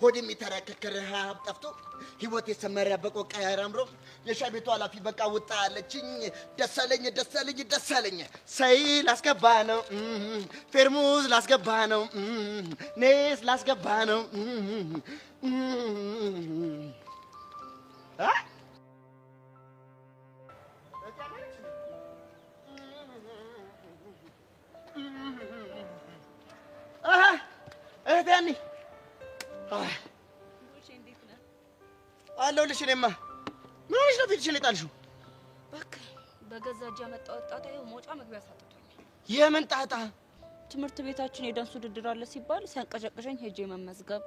ሆድ የተረከከረ ረሃብ ጠፍቶ ህይወት የሰመረ በቆቃ ያራምሮ የሻይ ቤቱ ኃላፊ በቃ ውጣ አለችኝ። ደሰለኝ ደሰለኝ ደሰለኝ ሰይ ላስገባ ነው ፌርሙዝ ላስገባ ነው ኔስ ላስገባ ነው እህቴ አለሁልሽ። እኔማ ምን ሆነሽ ነው ፊትሽን የጣልሽው? እባክህ በገዛ እጅ ያመጣሁት ጣጣ ይኸው መውጫ መግቢያ ሳጥቶኛል። የምን ጣጣ? ትምህርት ቤታችን የዳንስ ውድድር አለ ሲባል ሲያንቀጨቅጨኝ ሄጄ መመዝገብ።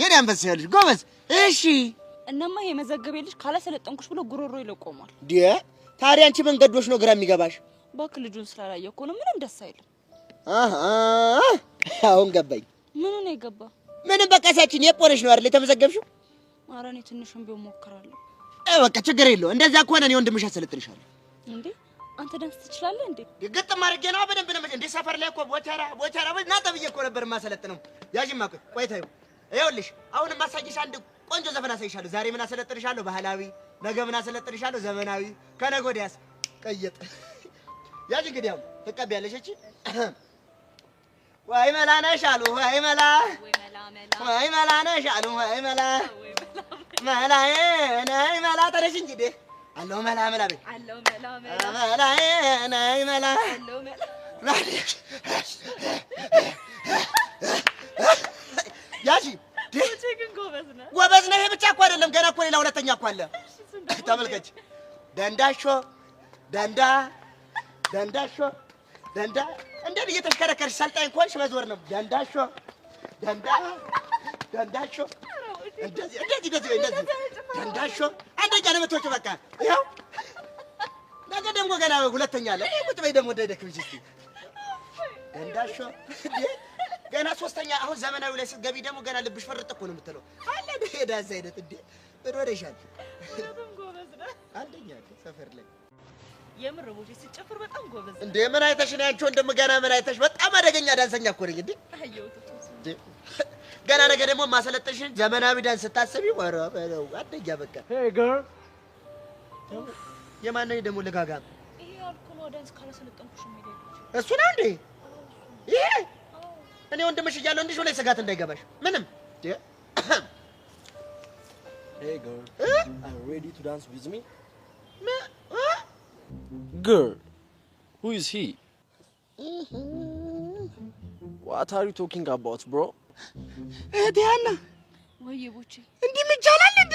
የኔ አንበሳ ያለሽ ጎበዝ። እሺ እናማ ይሄ መዘገብ የለሽ ካላሰለጠንኩሽ ብሎ ጉሮሮ ይለቆማል። ዲየ ታዲያ አንቺ ምን ነው ግራ የሚገባሽ? እባክህ ልጁን ስላላየኩ ነው። ምንም ደስ አይልም። አሁን ገባኝ። ምኑ ነው የገባ? ምንም በቃ ሳችን የፖነሽ ነው አይደል የተመዘገብሽው? ኧረ እኔ ትንሹን ቢሆን ሞክራለሁ። አይ በቃ ችግር የለው። እንደዛ ከሆነ እኔ ወንድምሽ አሰለጥንሻለሁ። እንዴ አንተ ዳንስ ትችላለህ እንዴ? ግጥም አድርጌ ነው በደንብ ነው። እንዴ ሰፈር ላይ እኮ ቦቻራ ቦቻራ ወይ ና ተብዬ እኮ ነበር የማሰለጥነው። ያዥማ እኮ ቆይታ ይኸው ይኸውልሽ፣ አሁን ማሳጅሽ አንድ ቆንጆ ዘፈን አሳይሻለሁ። ዛሬ ምን አሰለጥንሻለሁ? ባህላዊ። ነገ ምን አሰለጥንሻለሁ? ዘመናዊ። ከነገ ወዲያስ ቀየጥ። ያዥ እንግዲህ አሁን ትቀቢያለሽ እቺ ወይ መላ ነሽ አሉ ወይ መላ ወይ መላ ነሽ አሉ ወይ መላ መላ ነይ መላ ተነሽ እንጂ ቤ አለው መላ መላ ቤ መላ ነይ መላ ያሺ ጎበዝ ነህ። ይሄ ብቻ እኮ አይደለም፣ ገና እኮ ሌላ ሁለተኛ እኮ አለ። ተመልከች ደንዳሾ ደንዳ ደንዳሾ ደንዳ ያን እየተሽከረከርሽ ሰልጣኝ ኮንሽ መዞር ነው። ደንዳሾ ደንዳ ደንዳሾ እንደዚህ እንደዚህ እንደዚህ ደንዳሾ አንደኛ ነው የምትወጪው። በቃ ይኸው ነገ ደግሞ ገና ሁለተኛ አለ። ቁጭ በይ ደግሞ እንዳይደክምሽ እስኪ ደንዳሾ ገና ሶስተኛ። አሁን ዘመናዊ ላይ ስትገቢ ደግሞ ገና ልብሽ ፈርጥ እኮ ነው የምትለው። አለ ሄዳ እዛ አይነት እንዴ ወደ ወደ ይሻል አንደኛ ሰፈር ላይ የምር ቦቼ ስጨፍር በጣም ጎበዝ እንዴ! ምን አይተሽ ነው ያንቺ ወንድም ገና ምን አይተሽ? በጣም አደገኛ ዳንሰኛ እኮ ነኝ እንዴ! ገና ነገ ደግሞ ማሰለጠሽን ዘመናዊ ዳንስ ስታስቢ ወረ በለው አደኛ በቃ ሄይ ገር የማነኝ ደግሞ ልጋጋ ይሄ አልኮል ዳንስ ካላሰለጠንኩሽ እሱ ነው እንዴ? ይሄ እኔ ወንድምሽ እያለሁ እንዲሽ ሆነ ስጋት እንዳይገባሽ ምንም ሄይ ገር አር ሬዲ ቱ ዳንስ ዊዝ ሚ Girl, who is he? Mm-hmm. What are you talking about, bro? እህቴ ሀና ቦቼ፣ እንዲህ ይቻላል እንዴ?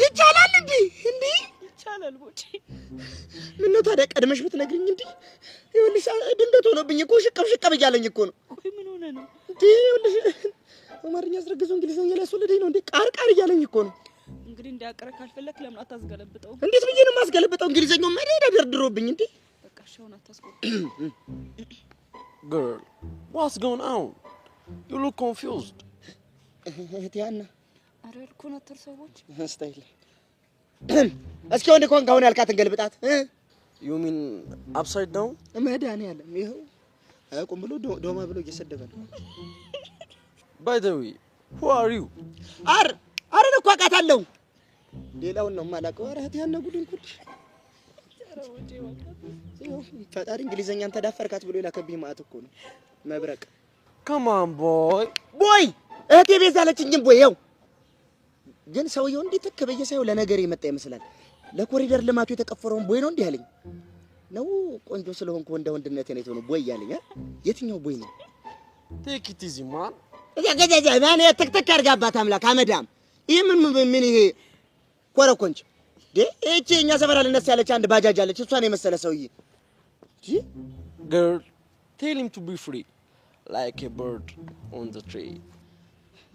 ይቻላል እንዴ? እንዴ ይቻላል ቦቼ። ምነው ታዲያ ቀድመሽ ብትነግሪኝ። እንዴ ይኸውልሽ፣ ድንገት ሆኖብኝ እኮ ሽቅብ ሽቅብ እያለኝ እኮ ነው። ወይ ምን ሆነ ነው እንዴ? ይኸውልሽ፣ አማርኛ አስረግዞ እንግሊዝኛ ሊያስወልደኝ ነው እንዴ? ቃር ቃር እያለኝ እኮ ነው እንግዲህ እንዲያቀረ ካልፈለክ ለምን አታስገለብጠው? እንዴት ብዬ ነው የማስገለብጠው? እንግሊዘኛው መደዳ ደርድሮብኝ እንዴ። በቃ እሺ፣ አሁን አታስቆም። ግርል ዋትስ ጎን አሁን ዩ ሉክ ኮንፊውዝድ። እህቴያና አረ ልኩን አትር ሰዎች ስታይል እስኪ ወንድ ኮን ካሁን ያልካትን ገልብጣት። ዩ ሚን አፕሳይድ ዳውን። መድኃኒዓለም ይኸው አያውቁም ብሎ ዶማ ብሎ እየሰደበ ነው። ባይ ዘ ዌይ ሁ አር ዩ አር አረን እኮ አውቃታለሁ ሌላውን ነው የማላውቀው። ኧረ እህቴ ያነ ጉድን ጉድ ፈጣሪ እንግሊዘኛን ተዳፈርካት ብሎ የላከብኝ ማለት እኮ ነው። መብረቅ ከማን ቦይ ቦይ እህቴ ቤዛ አለችኝም። ቦይ ያው ግን ሰውየው እንዴት ተከበየ ሳይው ለነገር የመጣ ይመስላል። ለኮሪደር ልማቱ የተቀፈረውን ቦይ ነው እንዲህ ያለኝ ነው። ቆንጆ ስለሆንኩ እንደ ወንድነት ነው የተሆነ ቦይ ያለኝ። የትኛው ቦይ ነው? ቴክ ኢት ኢዚ ማን እዛ ገዛ ማን ትክትክ ያርጋባት አምላክ አመዳም ይሄ ምን ምን ይሄ ኮረኮንች እቺ እኛ ሰፈር ልነስ ያለች አንድ ባጃጅ አለች። እሷን የመሰለ ሰውዬ ጂ ገርል ቴል ሂም ቱ ቢ ፍሪ ላይክ ኤ በርድ ኦን ዘ ትሪ።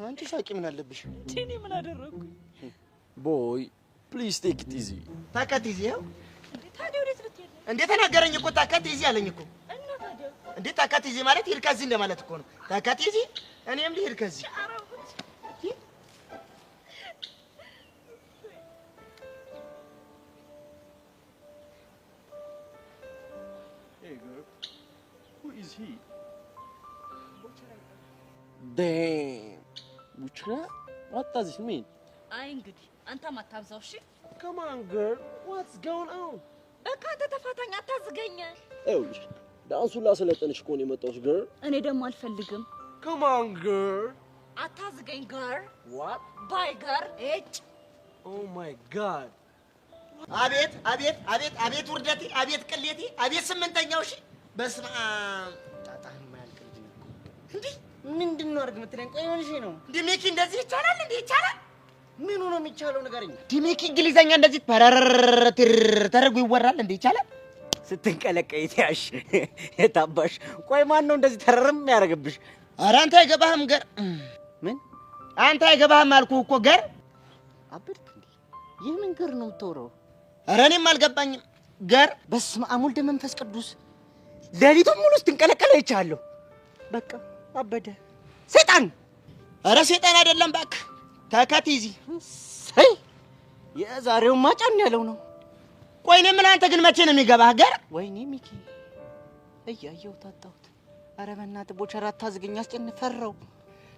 አንቺ ሳቂ ምን አለብሽ? ቲኒ ምን አደረኩኝ? ቦይ ፕሊዝ ቴክ ኢት ኢዚ። ታካት ኢዚ ያው ታዲያ እንዴ? ተናገረኝ እኮ ታካት ኢዚ አለኝ እኮ እንዴ። ታካት ኢዚ ማለት ሂድ እንደማለት እኮ ነው። ታካት ኢዚ እኔም ልሂድ who is he? Damn. Buchra? What does it mean? angry. Anta matabzawshi? Come on, girl. What's going on? በቃ አንተ ተፋታኝ፣ Come on, girl. What? Bye, girl. Oh my God. አቤት አቤት አቤት አቤት ውርደቴ አቤት ቅሌቴ አቤት ስምንተኛው ሺህ በስመ አብ ጣጣህ የማያልቅ ልጅ ነው እንዴ! ምንድን ነው አድርግ የምትለኝ? ቆይ ሆን ሺህ ነው ዲሜኪ እንደዚህ ይቻላል እንዴ? ይቻላል ምኑ ነው የሚቻለው? ንገረኝ ዲሜኪ እንግሊዘኛ እንደዚህ ተደርጎ ይወራል እንዴ? ይቻላል ስትንቀለቀይ ያሽ የታባሽ። ቆይ ማን ነው እንደዚህ ተረርም ያደርግብሽ? ኧረ አንተ አይገባህም ገር ምን አንተ አይገባህም አልኩህ እኮ ገር አበድክ እንዴ? ይህ ምን ገር ነው የምታወራው? ኧረ እኔም አልገባኝም። ገር በስመ አብ ወልደ መንፈስ ቅዱስ ሌሊቱን ሙሉ ስትንቀለቀል ይቻለሁ። በቃ አበደ ሰይጣን። ኧረ ሰይጣን አይደለም እባክህ ተከት ይዚ ሰይ የዛሬው ማጫን ያለው ነው። ቆይ እኔ ምን አንተ ግን መቼ ነው የሚገባህ ገር? ወይኔ ሚኪ እያየው ታጣሁት። ኧረ በእናትህ ቦቸራ አታዝግኝ፣ አስጨንቅ ፈራው።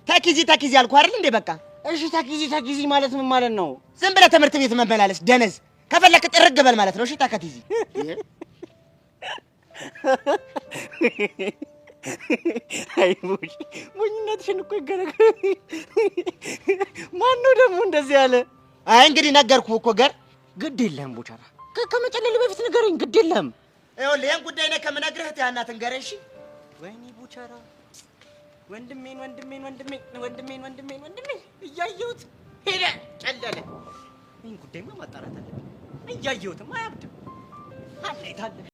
ተኪዚ ተኪዚ አልኩህ አይደል እንዴ? በቃ እሺ ተኪዚ ተኪዚ ማለት ምን ማለት ነው? ዝም ብለህ ትምህርት ቤት መመላለስ ደነዝ ከፈለክ ጥርግ በል ማለት ነው። ሽታ ታከት ይዚ አይ ሞኝ ሞኝነትሽን እኮ ይገረግ። ማን ነው ደግሞ እንደዚህ ያለ? አይ እንግዲህ ነገርኩህ እኮ ገር ግድ የለም ቦቻራ፣ ከመጨለል በፊት ንገረኝ። ግድ የለም ይኸውልህ፣ ይሄን ጉዳይ ነው ከምነግርህ ያናት ንገረኝ። እሺ ወይኔ ቦቻራ ወንድሜን ወንድሜን ወንድሜን ወንድሜን ወንድሜን ወንድሜን እያየሁት ሄደ ጨለለ። ይሄን ጉዳይማ ማጣራት አለብኝ። እያየሁትም አያብድም። አለይታለ